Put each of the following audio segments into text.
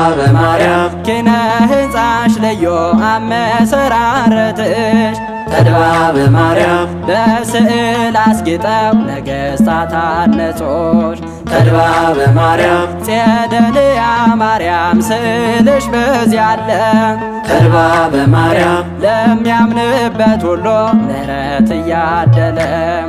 አበማርያም ኪነ ሕንፃሽ ለዮ አመሰራረትሽ ተድባበ ማርያም በስዕል አስጌጠው ነገሥታት አነጾች ተድባበ ማርያም ጼደልያ ማርያም ስዕልሽ በዚያ አለ ተድባበ ማርያም ለሚያምንበት ሁሉ ምሕረት እያደለም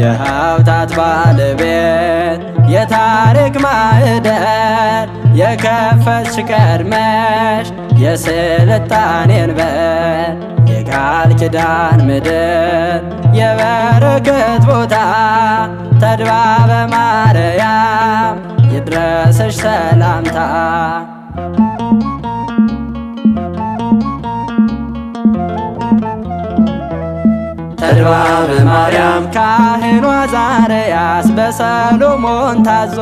የሀብታት ባለቤት የታሪክ ማዕደር የከፈትሽ ቀድመሽ የስልጣኔን በር የቃል ኪዳን ምድር የበረከት ቦታ ተድባበ ማርያም ይድረስሽ ሰላምታ ተድባበ ማርያም ካህኗ ዛርያስ በሰሎሞን ታዞ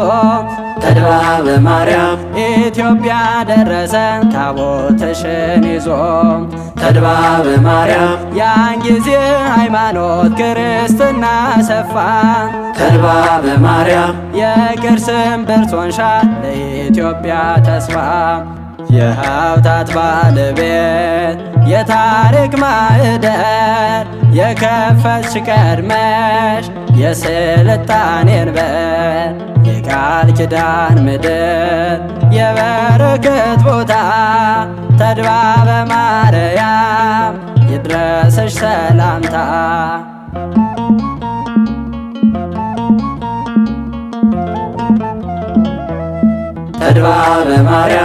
ተድባበ ማርያም ኢትዮጵያ ደረሰ ታቦትሽን ይዞ ተድባበ ማርያም ያን ጊዜ ሃይማኖት ክርስትና ሰፋ ተድባበ ማርያም የቅርስም ብርቶንሻ ለኢትዮጵያ ተስፋ የሀብታት ባለቤት የታሪክ ማዕደር የከፈትሽ ቀድመሽ የስልጣኔን በር የቃል ኪዳን ምድር የበረከት ቦታ ተድባበ ማርያም ይድረሰሽ ሰላምታ ተድባበ ማርያም